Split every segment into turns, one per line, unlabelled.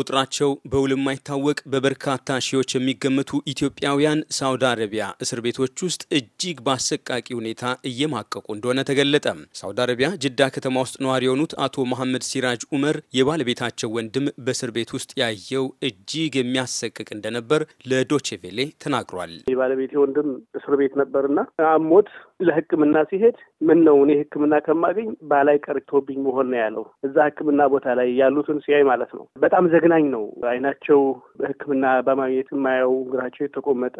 ቁጥራቸው በውል የማይታወቅ በበርካታ ሺዎች የሚገመቱ ኢትዮጵያውያን ሳውዲ አረቢያ እስር ቤቶች ውስጥ እጅግ በአሰቃቂ ሁኔታ እየማቀቁ እንደሆነ ተገለጠ። ሳውዲ አረቢያ ጅዳ ከተማ ውስጥ ነዋሪ የሆኑት አቶ መሐመድ ሲራጅ ኡመር የባለቤታቸው ወንድም በእስር ቤት ውስጥ ያየው እጅግ የሚያሰቅቅ እንደነበር ለዶቼቬሌ ተናግሯል።
የባለቤቴ ወንድም እስር ቤት ነበርና አሞት ለሕክምና ሲሄድ ምን ነው እኔ ሕክምና ከማገኝ ባላይ ቀርቶብኝ መሆን ነው ያለው። እዛ ሕክምና ቦታ ላይ ያሉትን ሲያይ ማለት ነው በጣም ዘግ የሚያገናኝ ነው። አይናቸው በህክምና በማግኘት የማያው እግራቸው የተቆመጠ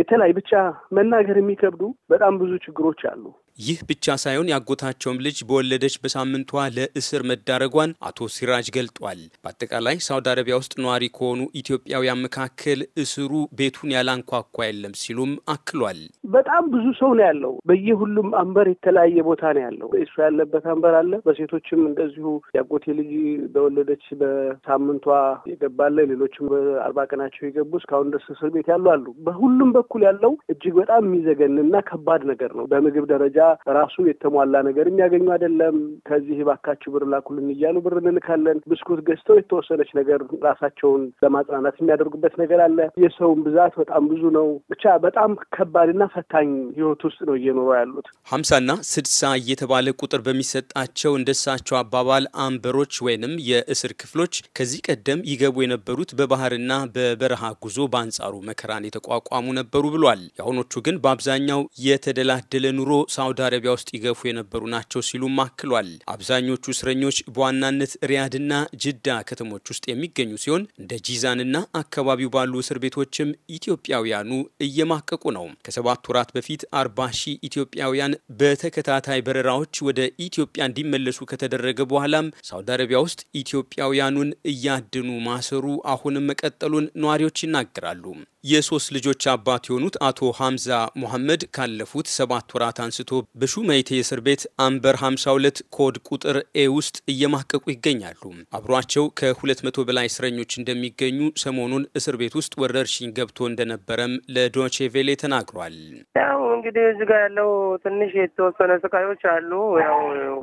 የተለያዩ ብቻ መናገር የሚከብዱ በጣም ብዙ ችግሮች አሉ።
ይህ ብቻ ሳይሆን ያጎታቸውም ልጅ በወለደች በሳምንቷ ለእስር መዳረጓን አቶ ሲራጅ ገልጧል። በአጠቃላይ ሳውዲ አረቢያ ውስጥ ነዋሪ ከሆኑ ኢትዮጵያውያን መካከል እስሩ ቤቱን ያላንኳኳ የለም ሲሉም አክሏል።
በጣም ብዙ ሰው ነው ያለው። በየሁሉም አንበር የተለያየ ቦታ ነው ያለው። እሱ ያለበት አንበር አለ። በሴቶችም እንደዚሁ ያጎቴ ልጅ በወለደች በሳምንቷ የገባለ ሌሎችም አርባ ቀናቸው የገቡ እስካሁን ድረስ እስር ቤት ያሉ አሉ። በሁሉም በኩል ያለው እጅግ በጣም የሚዘገንና ከባድ ነገር ነው። በምግብ ደረጃ ራሱ የተሟላ ነገር የሚያገኙ አይደለም። ከዚህ ባካችሁ ብር ላኩልን እያሉ ብር እንልካለን። ብስኩት ገዝተው የተወሰነች ነገር ራሳቸውን ለማጽናናት የሚያደርጉበት ነገር አለ። የሰውን ብዛት በጣም ብዙ ነው። ብቻ በጣም ከባድና ፈታኝ ህይወት ውስጥ ነው እየኖሩ ያሉት።
ሀምሳና ስድሳ እየተባለ ቁጥር በሚሰጣቸው እንደሳቸው አባባል አንበሮች ወይንም የእስር ክፍሎች ከዚህ ቀደም ይገቡ የነበሩት በባህርና ና በበረሃ ጉዞ በአንጻሩ መከራን የተቋቋሙ ነበሩ ብሏል። የአሁኖቹ ግን በአብዛኛው የተደላደለ ኑሮ ሳውዲ አረቢያ ውስጥ ይገፉ የነበሩ ናቸው ሲሉም አክሏል። አብዛኞቹ እስረኞች በዋናነት ሪያድና ጅዳ ከተሞች ውስጥ የሚገኙ ሲሆን እንደ ጂዛንና አካባቢው ባሉ እስር ቤቶችም ኢትዮጵያውያኑ እየማቀቁ ነው። ከሰባት ወራት በፊት አርባ ሺህ ኢትዮጵያውያን በተከታታይ በረራዎች ወደ ኢትዮጵያ እንዲመለሱ ከተደረገ በኋላም ሳውዲ አረቢያ ውስጥ ኢትዮጵያውያኑን እያድኑ ማሰሩ አሁንም መቀጠል እንደቀጠሉን ነዋሪዎች ይናገራሉ። የሶስት ልጆች አባት የሆኑት አቶ ሀምዛ ሙሐመድ ካለፉት ሰባት ወራት አንስቶ በሹመይቴ እስር ቤት አንበር 52 ኮድ ቁጥር ኤ ውስጥ እየማቀቁ ይገኛሉ። አብሯቸው ከ200 በላይ እስረኞች እንደሚገኙ ሰሞኑን እስር ቤት ውስጥ ወረርሽኝ ገብቶ እንደነበረም ለዶቼ ቬሌ ተናግሯል።
ያው እንግዲህ እዚህ ጋር ያለው ትንሽ የተወሰነ ስቃዮች አሉ። ያው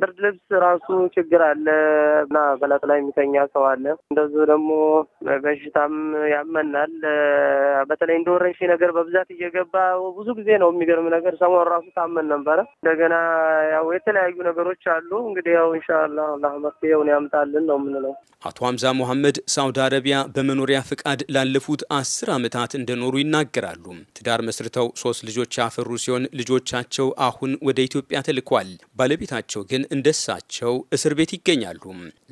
ብርድ ልብስ ራሱ ችግር አለ እና በላጥ ላይ የሚተኛ ሰው አለ። እንደዚሁ ደግሞ በሽታም ያመናል በተለይ እንደ ወረንሺ ነገር በብዛት እየገባ ብዙ ጊዜ ነው። የሚገርም ነገር ሰሞን ራሱ ታመን ነበረ። እንደገና ያው የተለያዩ ነገሮች አሉ። እንግዲህ ያው ኢንሻላ አላህ መፍትሄውን ያምጣልን ነው የምንለው።
አቶ ሀምዛ ሙሐመድ ሳውዲ አረቢያ በመኖሪያ ፍቃድ ላለፉት አስር ዓመታት እንደኖሩ ይናገራሉ። ትዳር መስርተው ሶስት ልጆች ያፈሩ ሲሆን ልጆቻቸው አሁን ወደ ኢትዮጵያ ተልኳል። ባለቤታቸው ግን እንደሳቸው እስር ቤት ይገኛሉ።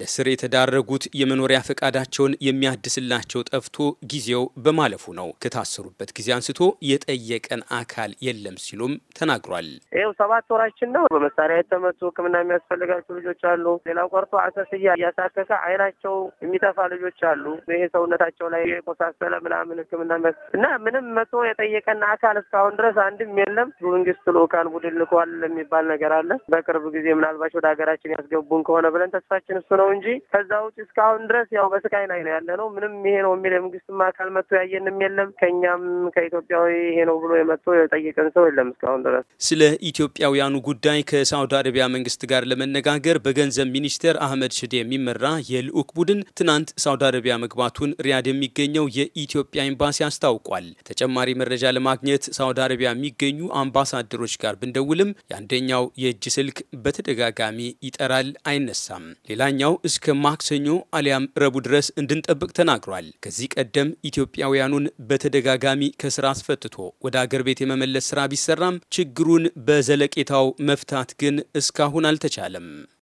ለስር የተዳረጉት የመኖሪያ ፈቃዳቸውን የሚያድስላቸው ጠፍቶ ጊዜው በማለፉ ነው። ከታሰሩበት ጊዜ አንስቶ የጠየቀን አካል የለም ሲሉም ተናግሯል።
ይኸው ሰባት ወራችን ነው። በመሳሪያ የተመቱ ሕክምና የሚያስፈልጋቸው ልጆች አሉ። ሌላው ቀርቶ አሰስያ እያሳከከ አይናቸው የሚጠፋ ልጆች አሉ። ይሄ ሰውነታቸው ላይ የቆሳሰለ ምናምን ሕክምና እና ምንም መቶ የጠየቀን አካል እስካሁን ድረስ አንድም የለም። መንግስት ልኡካን ቡድን ልኳል የሚባል ነገር አለ። በቅርብ ጊዜ ምናልባት ወደ ሀገራችን ያስገቡን ከሆነ ብለን ተስፋችን እሱ ነው እንጂ ከዛ ውጭ እስካሁን ድረስ ያው በስቃይ ላይ ነው ያለ ነው። ምንም ይሄ ነው የሚል የመንግስትም አካል መጥቶ ያየንም የለም። ከኛም ከኢትዮጵያዊ ይሄ ነው ብሎ የመጥቶ የጠየቀን ሰው የለም እስካሁን ድረስ።
ስለ ኢትዮጵያውያኑ ጉዳይ ከሳውዲ አረቢያ መንግስት ጋር ለመነጋገር በገንዘብ ሚኒስቴር አህመድ ሽዴ የሚመራ የልዑክ ቡድን ትናንት ሳውዲ አረቢያ መግባቱን ሪያድ የሚገኘው የኢትዮጵያ ኤምባሲ አስታውቋል። ተጨማሪ መረጃ ለማግኘት ሳውዲ አረቢያ የሚገኙ አምባሳደሮች ጋር ብንደውልም የአንደኛው የእጅ ስልክ በተደጋጋሚ ይጠራል፣ አይነሳም። ሌላኛው እስከ ማክሰኞ አሊያም ረቡ ድረስ እንድንጠብቅ ተናግሯል። ከዚህ ቀደም ኢትዮጵያውያኑን በተ በተደጋጋሚ ከስራ አስፈትቶ ወደ አገር ቤት የመመለስ ስራ ቢሰራም ችግሩን በዘለቄታው መፍታት ግን እስካሁን አልተቻለም።